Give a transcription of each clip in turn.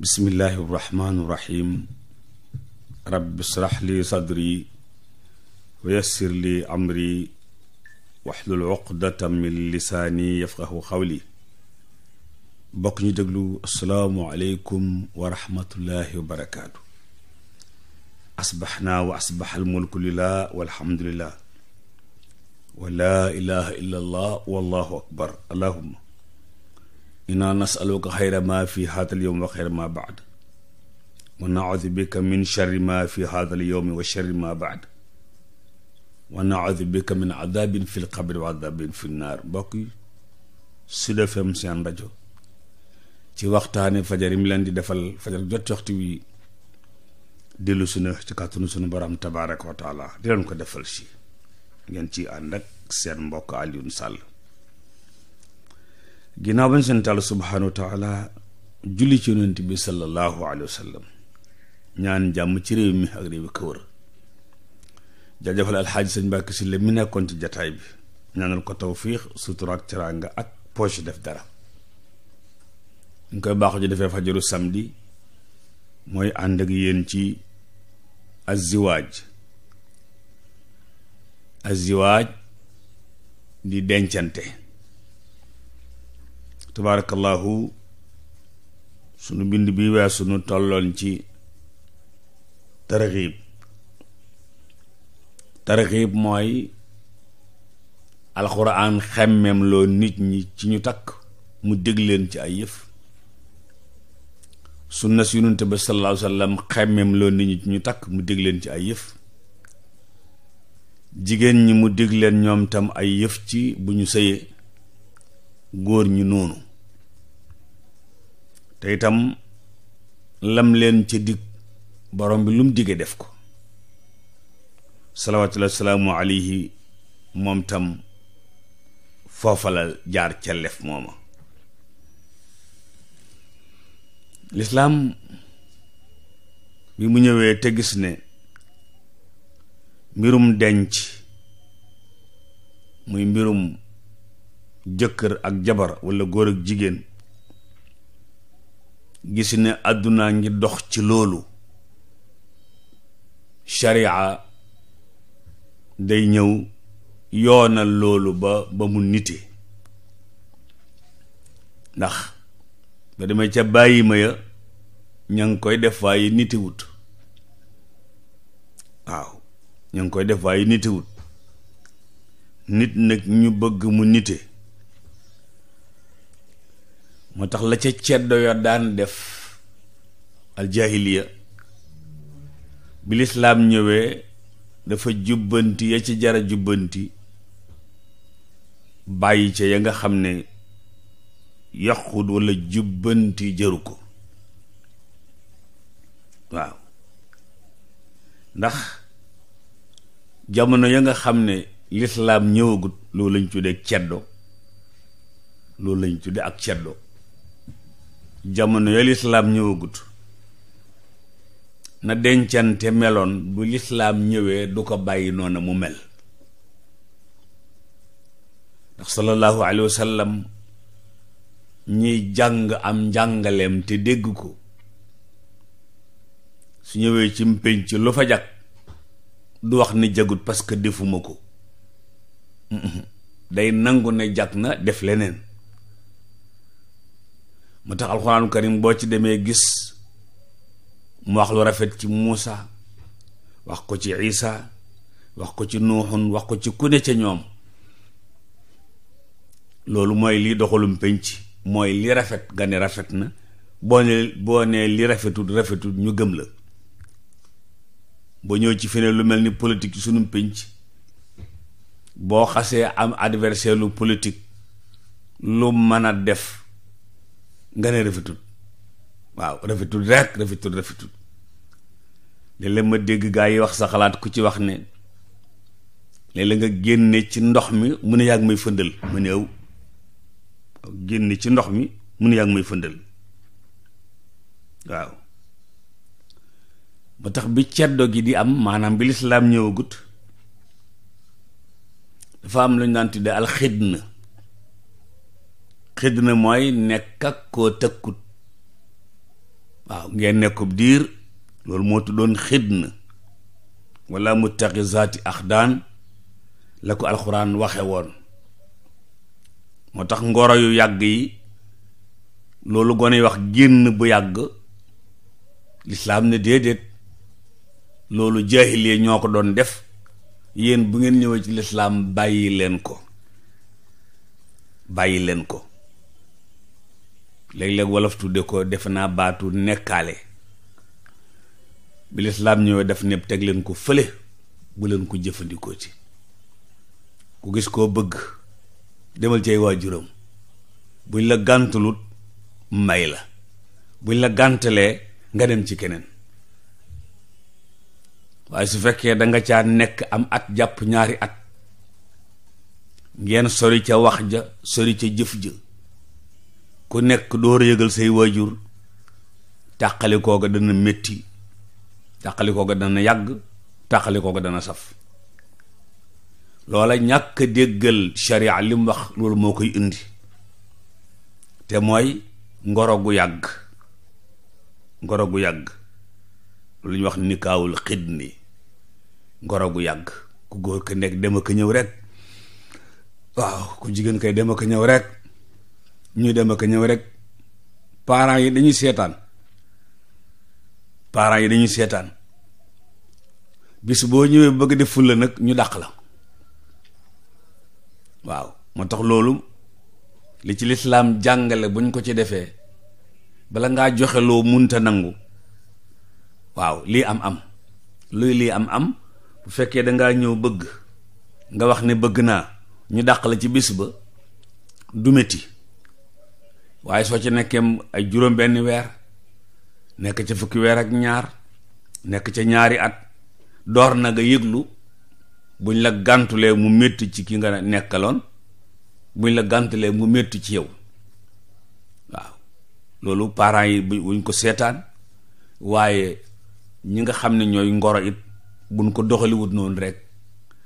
bismillaahi rahmaani rahiim rabbi shrah li sadri wa yassir li amri waxlul uqdatam min lisaani yafqahu xawli bokk ñu déglu asalaamu aleykum wa rahmatullaahi wa barakaatu asbaxnaa wa asbaxal mulku lillah walhamdulillah wa laa ilaaha illa allah wallahu akbar allahumma inna nasaluka xayra ma fi haatal yowm wa xayra ma baad wa naudu bika min sharri ma fi haatal yowmi wa sharri ma baad wa naudu bika min adaabin fi lqabri wa adaabin fi nnaar mbokk yi Sud FM seen rajo ci waxtaane fajar yi mu leen di defal fajar jot waxtu wi dellu sunu ci kàttanu sunu borom tabaaraka wa taala di leen ko defal si ngeen ci ànd seen mbokk Alioune Sall ginnaaw bañ sant Yàlla subhaanahu wa taala julli ci yonent bi sallallahu alayhi wa ñaan jàmm ci réew mi ak réew yi ko wër jaajëfal alxaaji sëñ Mbàkke si la mi nekkoon ci jataay bi ñaanal ko tawfiix sutura ak teraanga ak poche def dara ñu koy baaxu ji defee fajaru samedi mooy ànd ak yéen ci aziwaaj aziwaaj di dencante tabaarakallaahu sunu bind bi weesu nu tolloon ci tarxiib tarxiib mooy alxuraan xemmem loo nit ñi ci ñu takk mu dég leen ci ay yëf sunna si yonente ba sallallahu alayhi wa loo nit ñi ci ñu takk mu dég leen ci ay yëf jigéen ñi mu dég leen ñoom tam ay yëf ci bu ñu sëyee góor ñi noonu te itam lam leen ca dig borom bi lu mu digee def ko salawaatullahi salaamu alayhi moom tam foofa jaar ca lef mooma lislaam bi mu ñëwee te gis ne mbirum denc muy mbirum jëkkër ak jabar walla góor ak jigéen gis ne àdduna ngi dox ci loolu sharia day ñëw yoonal loolu ba ba mu nite ndax nga demee ca bàyyi ma ya ña ngi koy def waaye nitewut waaw ña ngi koy def waaye nitewut nit nag ñu bëgg mu nite moo tax la ca ceddo ya daan def aljaahiliya bi lislaam ñëwee dafa jubbanti ya ci jara jubbanti bàyyi ca ya nga xam ne yàqut walla jubbanti jëru ko waaw ndax jamono ya nga xam ne lislaam ñëwagut loolu lañ tuddee ceddo loolu lañ tuddee ak ceddo jamono ya lislaam ñëwagut na dencante meloon bu lislaam ñëwee du ko bàyyi noona mu mel ndax sallallahu alayhi wa sallam ñiy jàng am njàngaleem te dégg ko su ñëwee ci mpénc lu fa jag du wax ni jagut parce que defuma ko day nangu ne jag na def leneen moo tax alxuraanu karim boo ci demee gis mu wax lu rafet ci Muusa wax ko ci Isa wax ko ci Nuuxun wax ko ci ku ne ca ñoom loolu mooy lii doxalum pénc mooy lii rafet nga ne rafet na boo ne boo nee li rafetut rafetut ñu gëm la ba ñëw ci feneen lu mel ni politique ci sunu pénc boo xasee am adversaire lu politique lu mën a def nga ne rafetul waaw rafetul rek rafetul rafetul léeg-léeg ma dégg gaa yi wax sa xalaat ku ci wax ne léeg-léeg nga génne ci ndox mi mu ne yàgg may fëndal ma ne aw génne ci ndox mi mu ne yàgg may fëndal waaw ba tax bi ceddo gi di am maanaam bi lislaam ñëwagut dafa am lu ñu daan tudde alxidna xëdd na mooy nekk ak koo tëkkut waaw ngeen nekkub diir loolu moo tuddoon xëdd na wala muttaxizaati axdaan la ko alxuraan waxe woon moo tax ngoro yu yàgg yi loolu gone wax génn bu yàgg lislaam ne déedéet loolu jaahiliya ñoo ko doon def yéen bu ngeen ñëwee ci lislaam bàyyi leen ko bàyyi leen ko léeg-léeg wolof tudde ko defe naa baatu nekkaale bi lislaam ñëwee def nepp teg leen ko fële bu leen ko jëfandikoo ci ku gis koo bëgg demal ci ay waajuram buñ la gàntalut may la buñ la gàntalee nga dem ci keneen waaye su fekkee danga nga caa nekk am at jàpp ñaari at ngeen sori ca wax ja sori ca jëf ja ku nekk door yëgal say waajur tàqali kooga dana métti koo kooga dana yàgg koo kooga dana saf loola ñàkk déggal sharia li mu wax loolu moo koy indi te mooy ngoro gu yàgg ngoro gu yàgg lu ñuy wax nikaawul xidni ngoro gu yàgg ku góor ka nekk dem ak ñëw rek waaw ku jigéen kay dem ak ñëw rek ñu dem ak ñëw rek parent yi dañuy seetaan parents yi dañuy seetaan bis boo ñëwee bëgg def fulla nag ñu dàq la waaw moo tax loolu li ci lislaam jàngale buñ ko ci defee bala ngaa joxe loo munta nangu waaw lii am am luy lii am am bu fekkee dangaa ñëw bëgg nga wax ne bëgg naa ñu dàq la ci bis ba du metti waaye soo ci nekkee ay juróom-benni weer nekk ca fukki weer ak ñaar nekk ca ñaari at door na nga yëglu buñ la gàntulee mu métti ci ki nga nekkaloon buñ la gàntulee mu métti ci yow waaw loolu parents yi buñ ko seetaan waaye ñi nga xam ne ñooy ngoro it buñ ko doxaliwut noonu rek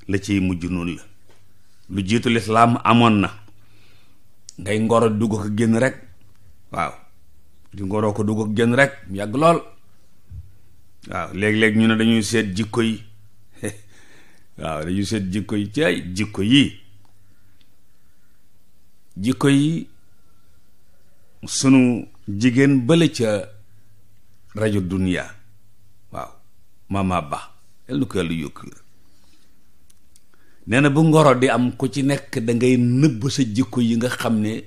la ciy mujj noonu la lu jiitu lislaam amoon na ngay ngoro dugg ko génn rek waaw di ngoro ko dugg ko génn rek mu yàgg lool waaw léeg-léeg ñu ne dañuy seet jikko yi waaw dañuy seet jikko yi ci ay jikko yi jikko yi sunu jigéen bële ca rajo dunia waaw mama ba yàlla ko yàlla yokk nee na bu ngoro di am ku ci nekk da ngay nëbb sa jikko yi nga xam ne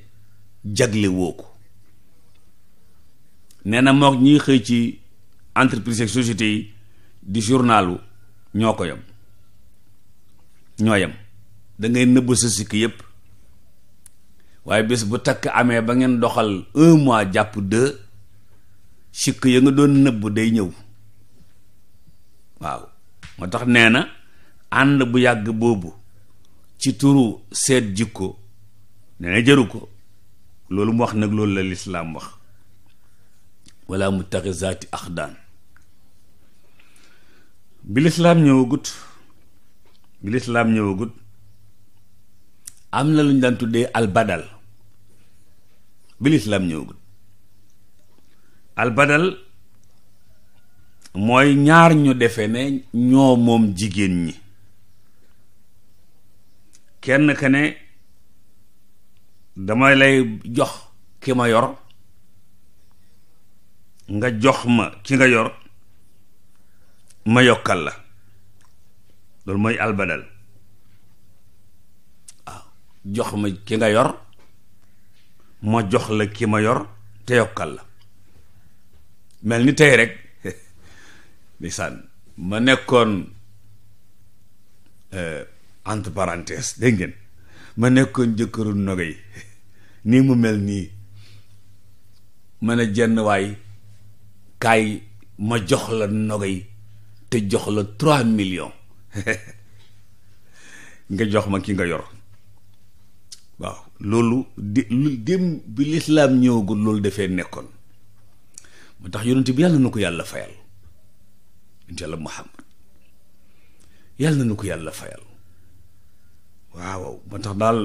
jagle woo ko nee na moog ñiy xëy ci entreprise ak société yi di journalu ñoo ko yam ñoo yam da ngay nëbb sa sikk yépp waaye bés bu takk amee ba ngeen doxal un mois jàpp deux sikk ya nga doon nëbb day ñëw waaw moo tax nee na ànd bu yàgg boobu ci turu seet jikko ne jëru ko loolu mu wax nag loolu la lislaam wax wala mutaxizaati axdaan bi lislaam ñëwagut bi lislaam ñëwagut am na lu ñu daan tuddee albadal bi lislaam ñëwagut albadal mooy ñaar ñu defe ne ñoo moom jigéen ñi kenn ka ne damay lay jox ki ma yor nga jox ma ki nga yor ma yokkal la loolu mooy albadal waaw jox ma ki nga yor ma jox la ki ma yor te yokkal la mel ni tey rek ndeysaan ma nekkoon euh, entre parenthèse dégg ngeen ma nekkoon jëkkëru nogay nii mu mel nii ma ne jenn waay kaay ma jox la yi te jox la trois millions nga jox ma ki nga yor waaw loolu di lu bi lislaam ñëwagul loolu dafee nekkoon moo tax yonent bi yàlla na ko yàlla fayal yonent yàlla muhammad yàlla na ko yàlla fayal waaw moo tax daal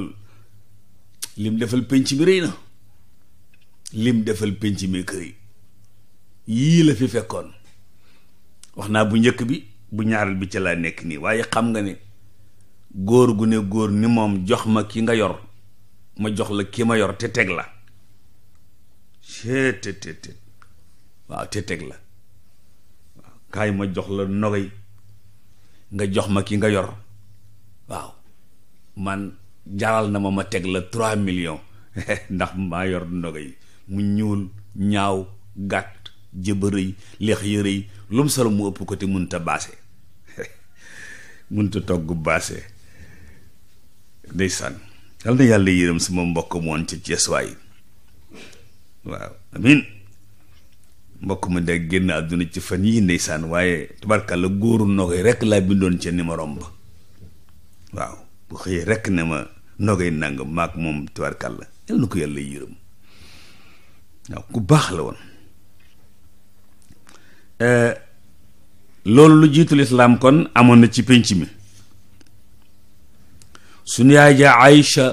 lim defal penc mi rëy na lim defal penc mi kër yi yii la fi fekkoon wax naa bu njëkk bi bu ñaareel bi ci laa nekk nii waaye xam nga ne góor gu ne góor ni moom jox ma ki nga yor ma jox la ki ma yor te teg la te te te waaw te teg la waaw kaay ma jox la nogay nga jox ma ki nga yor waaw man jaral na ma ma teg la trois millions ndax maa yor ndogo yi mu ñuul ñaaw gàtt jëbërëy leex yërëy lu mu solo mu ëpp ko te munta baase munta togg baase ndeysaan yal na yàlla yërëm sama mbokk moon ca ceesuwaay waaw amin mbokk mu de génn àdduna ci fan yii ndeysaan waaye tubarkalla góoru ndogo yi rekk laa bindoon ca numéro ba waaw bu xëyee rekk ne ma nogay nangam maak moom tubaarkàlla yal na ko yàlla yërëm waaw ku baax la woon euh, loolu lu jiitu lislaam kon amoon na ci pénc mi suñu yaay ja Aïcha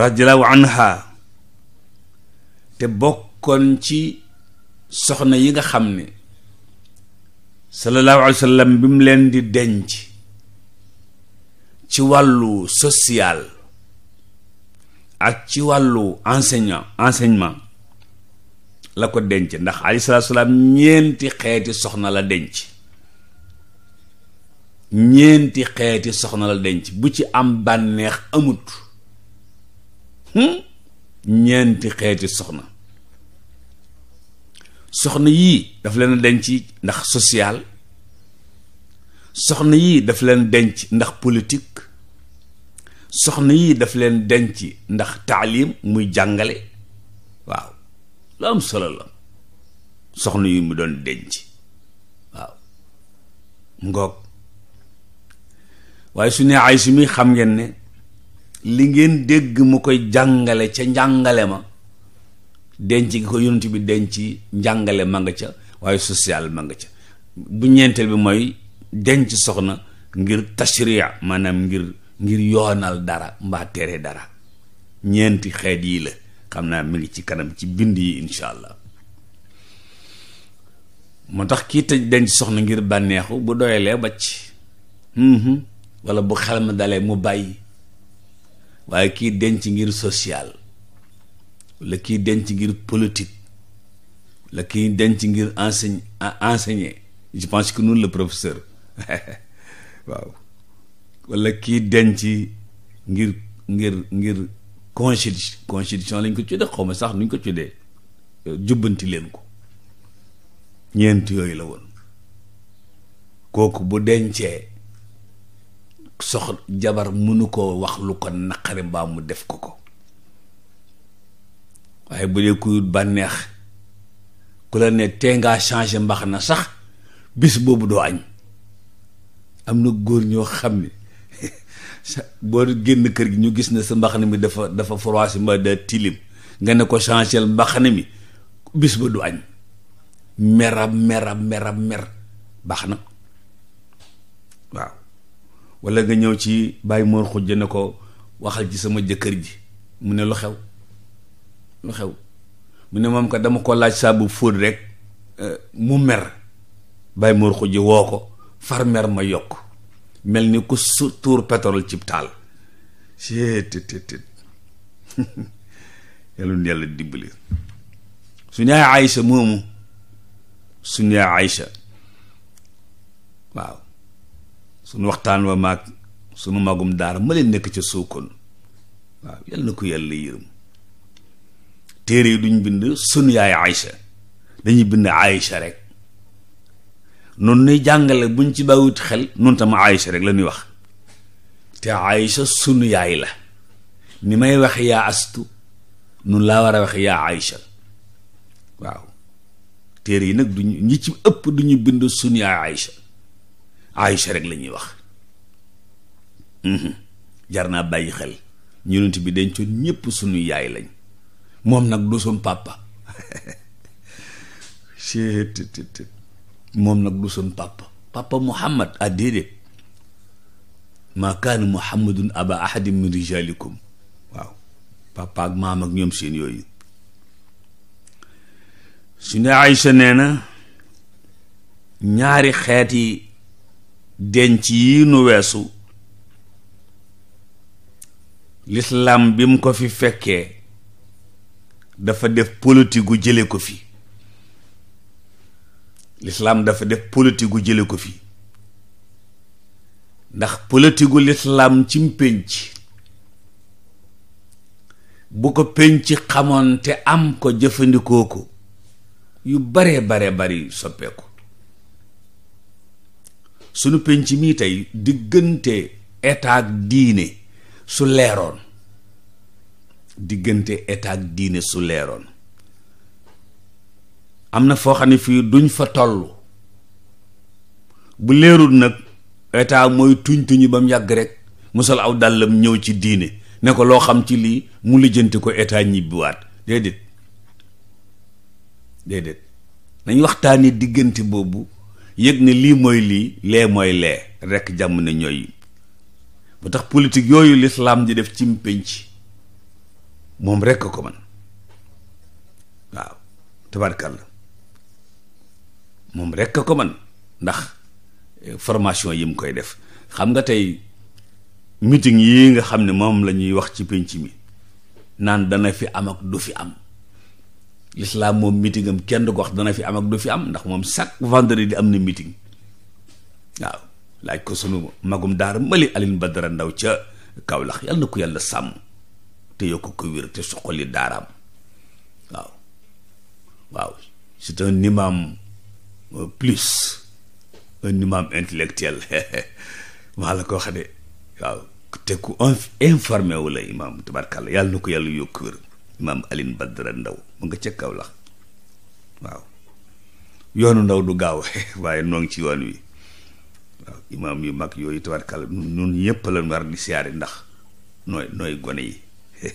radiallahu anha te bokkoon ci soxna yi nga xam ni sallallahu alayhi wa bi mu leen di denc ci wàllu social ak ci wàllu enseignant enseignement la ko denc ndax aleyhi salaatu salaam ñeenti xeeti soxna la denc ñeenti xeeti soxna la denc bu ci am bànneex amut ñeenti xeeti soxna soxna yii daf leen denc ndax social soxna yi daf leen denc ndax politique soxna yi daf leen denc ndax taalim muy jàngale waaw lu am solo la soxna yi mu doon denc waaw ngoog waaye su ne Aysa muy xam ngeen ne li ngeen dégg mu koy jàngale ca njàngale ma denc gi ko yonent bi denc njàngale ma nga ca waaye social ma nga ca bu ñeenteel bi mooy denc soxna ngir tashriya maanaam ngir ngir yoonal dara mbaa tere dara ñeenti xeet yi la xam naa mi ngi ci kanam ci bind yi incha allah moo tax kii tëj denc soxna ngir bànneexu bu doyalee bacc mm-hmm. wala bu xel ma dalee mu bàyyi waaye kii denc ngir social wala kii denc ngir politique wala kii denc ngir enseigne enseigner je pense que noonu le professeur waaw walla kii denc ngir ngir ngir constitution constitution lañ ko tuddee xaw ma sax nuñ ko tuddee euh, jubbanti leen ko ñeent yooyu la woon kooku bu dencee sox jabar mënu ko wax lu ko naqari mbaa mu def ko ko waaye bu dee kuyut bànneex ku la ne tee ngaa changé mbax na sax bis boobu doo añ am na góor ñoo xam ne boo génn kër gi ñu gis ne sa mbaxane mi dafa dafa froissé mba da tilim nga ne ko changé mbaxane mi bis ba du añ merab merab merab mer baax na waaw walla nga ñëw ci bàyyi moor xujj ne ko waxal ci sama jëkkër ji mu ne lu xew lu xew mu ne moom ko dama ko laaj saabu fóot rek euh, mu mer bàyyi moor xujj woo ko farmer ma yokk mel ni ku su tuur pétrole cib taal cee tët tët tët yàlla nu yàlla dimbali suñu yaay Aïcha moomu suñu yaay Aïcha waaw suñu waxtaan wa maag suñu magum daara ma leen nekk ca Sokone waaw yàlla ko yàlla yërëm téere yi duñ bind suñu yaay Aïcha dañuy bind Aïcha rek noonu nuy jàngale buñ ci bàyyiwut xel nun tam Aïcha rek la ñuy wax te Aïcha sunu yaay la ni may wax yaa astu nun laa war a wax yaa Aïcha waaw téere yi nag duñu ñi ci ëpp duñu bind sunu yaay Aïcha Aïcha wax mhm. jar naa bàyyi xel yonent bi dencoon ñépp sunu yaay lañ moom nag du suñ pàppa moom nag du suñ papa papa muhammad ah déedéet ma kaana muhammadun aba ahadin min waaw papa ak maam ak ñoom seen yooyu su ne Aïcha nee na ñaari xeet yi denc yi nu weesu lislaam bi mu ko fi fekkee dafa def politique jële ko fi lislaam dafa def politique jële ko fii ndax politique gu lislaam ci pénc bu ko pénc xamoon te am ko jëfandikoo ko yu bare bare bari soppeeku sunu pénc mii tey diggante état ak diine su leeroon diggante état ak diine su leeroon am na foo xam ne fii duñ fa tollu bu leerul nag état mooy tuñ tuñu ba mu yàgg rek musal aw dàllam ñëw ci diine ne ko loo xam ci lii mu lijjanti ko état ñibbiwaat déedéet déedéet nañ waxtaani diggante boobu yëg ne lii mooy lii lee mooy lee rekk jàmm ne ñooy ba tax politique yooyu lislaam di def ci pénc moom rekk ko man waaw tabarkàlla moom rekk a ko man ndax eh, formation yi mu koy def xam nga tey meeting yi nga xam ne moom la ñuy wax ci pénc mi naan dana fi am ak du fi am lislaam moom meeting am kenn du ko wax dana fi am ak fi am ndax moom chaque di am na mitin waaw laaj ko sunu magum daar mali Alioune Badara Ndaw ca Kaolack yàlla na ko yàlla sàmm te yokk ko wér te suqali daaraam waaw waaw c'est un imam Euh, plus un imam intellectuel maa la ko wax de waaw te ku informé wu la imam tabarkàlla yàlla na ko yàlla yokk wér imam Alioune Badara Ndao mu nga ca Kaolack waaw yoonu ndaw du gaaw waaye noo ci yoon wi waaw imaam yu mag yooyu tabarkàlla ñun ñëpp la war di siyaare ndax nooy nooy gone yi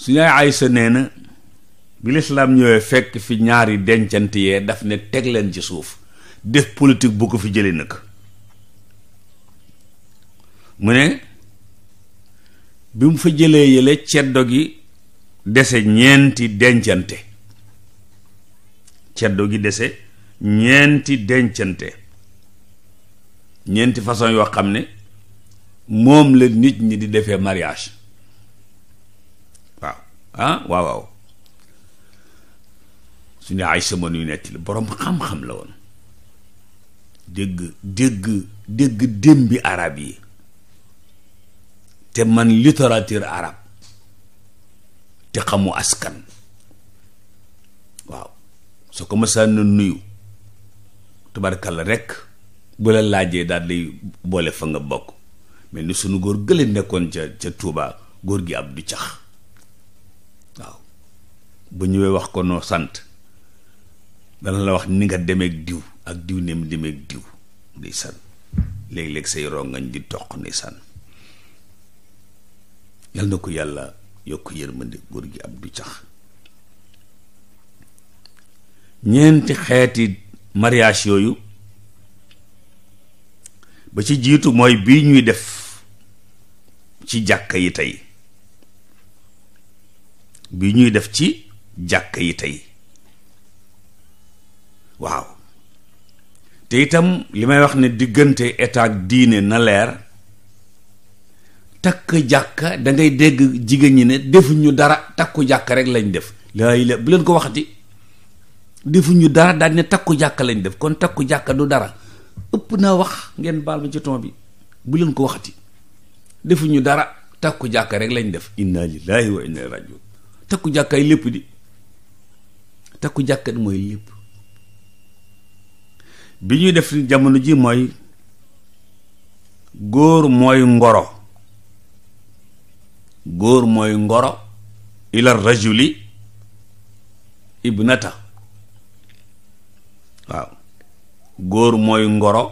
su ñaay Aysa nee na bi ñoo fekk fi ñaari dencant yee daf ne teg leen ci suuf def politique bu ko fi jëlee nag mu ne bi mu fa jëlee yële ceddo gi dese ñeenti dencante ceddo gi dese ñeenti dencante ñeenti façon yoo xam ne moom la nit ñi di defee mariage waaw ah, waaw waaw suñu ay sama nuy netti borom xam-xam la woon dégg dégg dégg démbi arab yi te man littérature arab te xamu askan waaw soo ko mësaan na nuyu tubarkalla rekk bu la laajee daal lay boole fa nga bokk mais ni sunu góor gële nekkoon ca ca Tuuba góor gi ab du cax waaw bu ñëwee wax ko noo sant dana la wax ni nga demeek diw ak diw ne mu demeek diw ndeysaan léeg-léeg say rongañ di toq ndeysaan yal na ko yàlla yokk yërmande góor gi ab du cax ñeenti xeeti mariage yooyu ba ci jiitu mooy bii ñuy def ci jàkka yi tey bii ñuy def ci jàkka yi tey waaw te itam li may wax ne diggante état diine na leer takk jàkka dangay dégg jigéen ñi ne defuñu dara takku jàkka rek lañ def laay la bu leen ko waxati defuñu dara daal ne takku jàkka lañ def kon takku jàkka du dara ëpp naa wax ngeen baal ma ci ton bi bu leen ko waxati defuñu dara takku jàkka rek lañ def inna lillahi wa inna ilayhi rajiun takku jàkkaay lépp di takku jàkkat mooy lépp bi ñuy def jamono ji mooy góor mooy ngoro góor mooy ngoro ila rajuli ibnata waaw góor mooy ngoro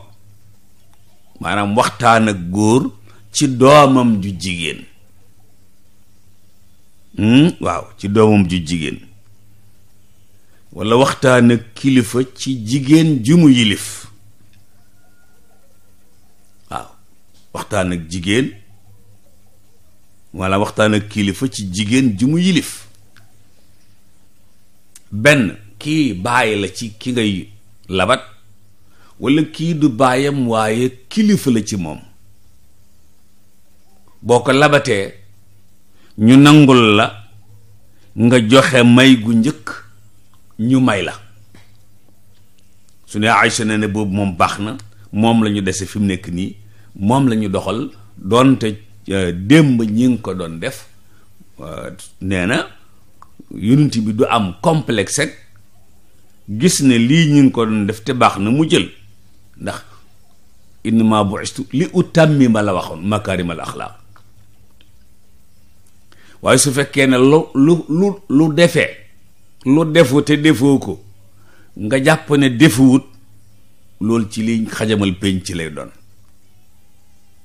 maanaam waxtaan ak góor ci doomam ju jigéen hmm? waaw ci doomam ju jigéen walla waxtaan ak kilifa ci jigéen ju mu yilif waaw waxtaan ak jigéen walla waxtaan ak kilifa ci jigéen ju mu yilif benn kii bàyyi la ci ki ngay labat walla kii du bàyyam waaye kilifa la ci moom boo ko labatee ñu nangul la nga joxe may gu njëkk ñu may la su nee Aïcha ne ne boobu moom baax na moom lañu dese fi mu nekk nii moom la doxal doonte euh, démb ñi ngi ko doon def euh, nee na yonent bi du am complexe gis ne lii ñi ngi ko doon def te baax na mu jël ndax innama bu'istu li utammima la waxoon makaarimal axlaaq waaye su fekkee ne lu lu lu lu defee lu defu te defoo ko nga jàpp ne defuwut loolu ci liñ xajamal penc ci lay doon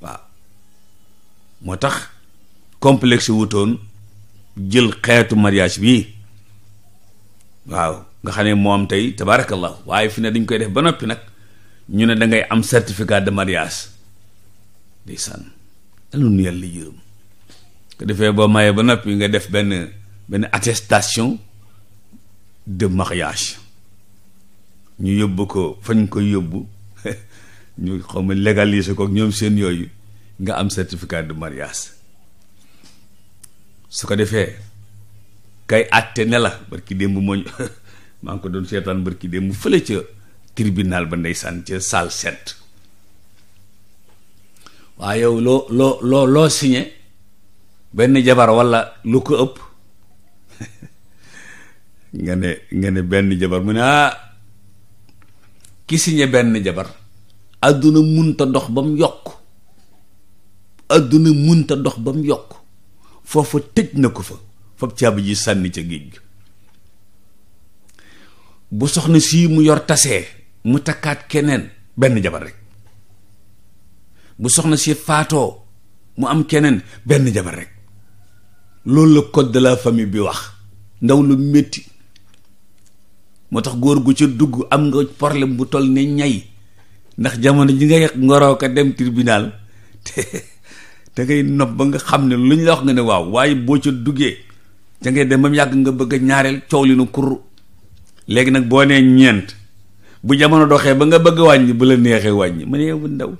waaw moo tax complexe wutoon jël xeetu mariage bi waaw nga xam ne moom tey tabaarakallahu waaye fi ne dañ koy def ba noppi nag ñu ne da ngay am certificat de mariage day sànn alun yàlla yërëm ko defee boo maye ba noppi nga def benn benn attestation de mariage ñu yóbbu ko fañ ko yóbbu ñu xaw ma légaliser ko ñoom seen yooyu nga am certificat de mariage su ko defee kay àtte ne la barki démb moo maa ngi ko doon seetaan barki démb fële ca tribunal ba ndeysaan ca salle sept waaye loo loo loo loo benn jabar walla lu ko ëpp nga ne nga ne benn jabar mu ne ah ki benn jabar àdduna munta dox ba yokk dox ba yokk foofa tëj na ko fa fab caabi ji sànni ca géej bu soxna sii mu yor tasee mu takkaat keneen benn jabar rek bu soxna si faatoo mu am keneen benn jabar rek loolu la code de la famille bi wax ndaw lu métti moo tax góor gu ca dugg am nga problème bu toll ne ñay ndax jamono ji ngay ngoroo ko dem tribunal te te ngay nopp ba nga xam ne lu ñu la wax nga ne waaw waaye boo ca duggee ca ngay dem ba mu yàgg nga bëgg ñaareel coow li nu léegi nag boo ñeent bu jamono doxee ba nga bëgg wàññi bu la neexee wàññi ma ne bu ndaw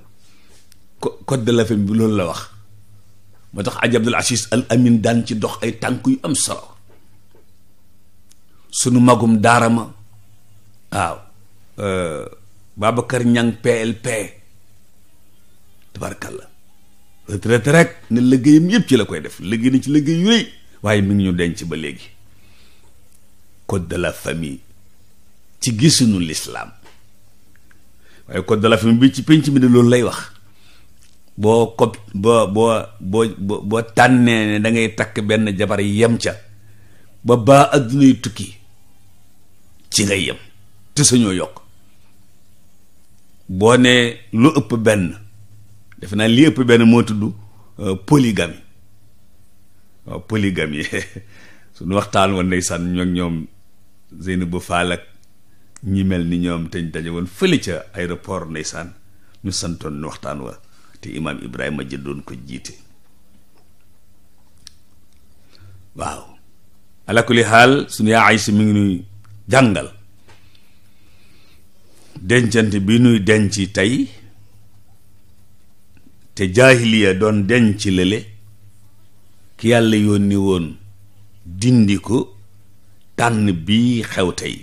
co code de la bi loolu la wax moo tax ajab Abdul Aziz Al Amin daan ci dox ay tànk yu am solo sunu magum daara ma waaw euh, Babacar Niang PLP la retraite rek ne liggéeyam yëpp ci la koy def liggéey na ci liggéey yu rëy waaye mi ngi ñu denc ba léegi code de la famille ci gisuñu lislaam waaye code famille bi ci pénc mi de loolu lay wax boo cop boo boo boo boo tànnee ne da takk benn jabar yem ca ba baa addunay tukki ci nga yem te sañoo yokk boo nee lu ëpp benn defe naa li ëpp benn moo tudd euh, polygamie waaw polygamie suñu waxtaan woon ndeysaan ñoo ñoom Zeynabou Fall ak ñi mel ni ñoom te ñu daje woon fële ca aéroport ndeysaan ñu santoon nu waxtaan wa te imaam Ibrahima jë doon ko jiite waaw alakuli xaal suñu yaa Aysa mi ngi nuy jàngal dencante bi nuy denc tey te jaahiliya doon denc lële ki yàlla yónni woon dindi ko tànn bii xew tey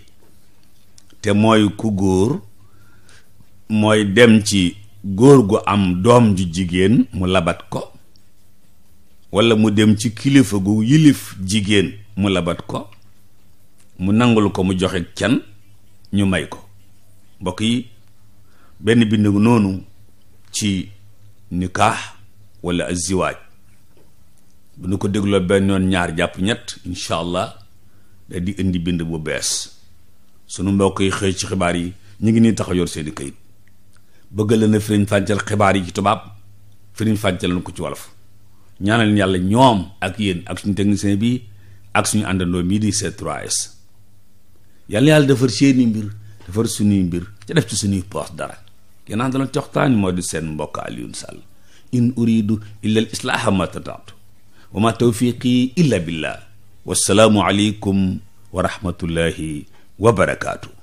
te mooy ku góor mooy dem ci góor gu am doom ju jigéen mu labat ko walla mu dem ci kilifa gu yilif jigéen mu labat ko mu nangul ko mu joxe can ñu may ko mbokk yi benn bind noonu ci nikaax wala aziwaaj bu nu ko dégloo benn yoon ñaar jàpp ñett incha allah da di indi bind bu bees sunu mbokk yi xëy ci xibaar yi ñu ngi nii tax a yor seen i kayit bëgg la na firiñ fàncal xibaar yi ci tubaab firiñ fàncal ko ci wolof ñaanal yàlla ñoom ak yéen ak suñu technicien bi ak suñu àndandoo mii di c 3 yàlla yàlla defar seeni mbir defar suñuy mbir ci def ci suñuy poos dara yéen dana coxtaani moo di seen mbokk Alioune Sall in uridu illa al islaaha ma tataatu wa ma tawfiqi illa billah wassalaamu aleykum wa rahmatullahi wa barakaatu